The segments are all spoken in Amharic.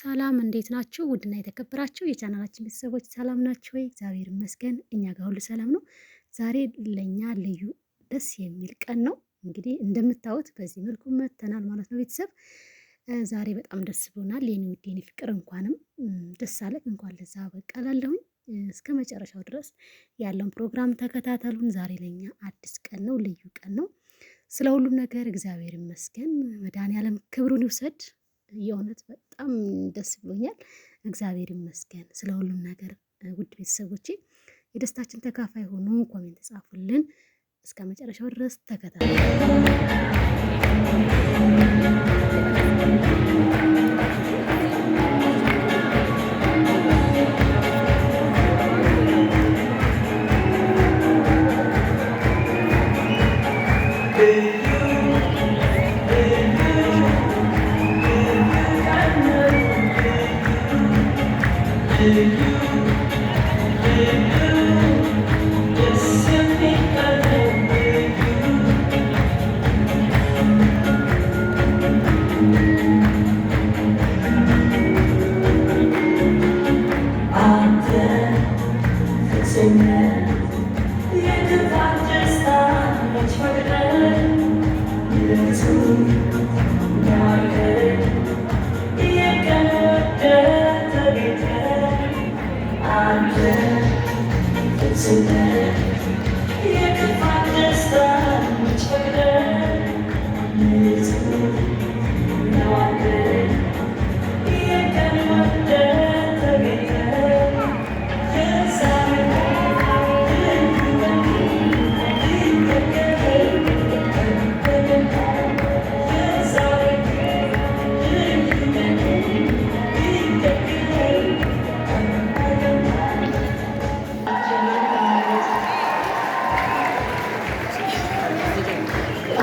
ሰላም እንዴት ናችሁ? ውድና የተከበራችሁ የቻናላችን ቤተሰቦች ሰላም ናችሁ ወይ? እግዚአብሔር ይመስገን እኛ ጋር ሁሉ ሰላም ነው። ዛሬ ለእኛ ልዩ ደስ የሚል ቀን ነው። እንግዲህ እንደምታዩት በዚህ መልኩ መተናል ማለት ነው። ቤተሰብ ዛሬ በጣም ደስ ብሎናል። የኔ ውድ የኔ ፍቅር እንኳንም ደስ አለህ፣ እንኳን ለዛ በቃላለሁኝ። እስከ መጨረሻው ድረስ ያለውን ፕሮግራም ተከታተሉን። ዛሬ ለእኛ አዲስ ቀን ነው፣ ልዩ ቀን ነው። ስለ ሁሉም ነገር እግዚአብሔር ይመስገን። መድኃኔዓለም ክብሩን ይውሰድ። የእውነት በጣም ደስ ብሎኛል። እግዚአብሔር ይመስገን ስለ ሁሉም ነገር። ውድ ቤተሰቦች የደስታችን ተካፋይ ሆኑ፣ ኮሜንት ጻፉልን። እስከ መጨረሻው ድረስ ተከታተሉ። you. Christmas.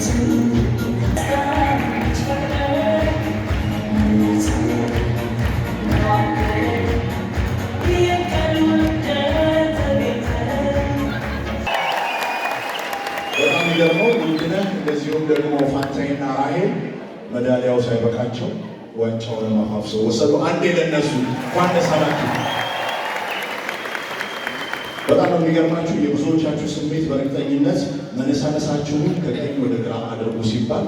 ደግሞ ይህንን እንደዚሁም ሳይበቃቸው ዋንጫውን ማፋፍሰው ወሰዱ። አንዴ ለነሱ እንኳን ደስ አላችሁ። በጣም የሚገርማችሁ የብዙዎቻችሁ ስሜት በእርግጠኝነት መነሳነሳችሁን ከቀኝ ወደ ግራ አድርጉ ሲባል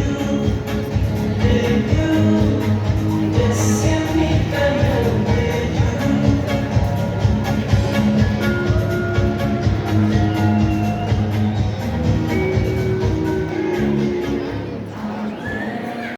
you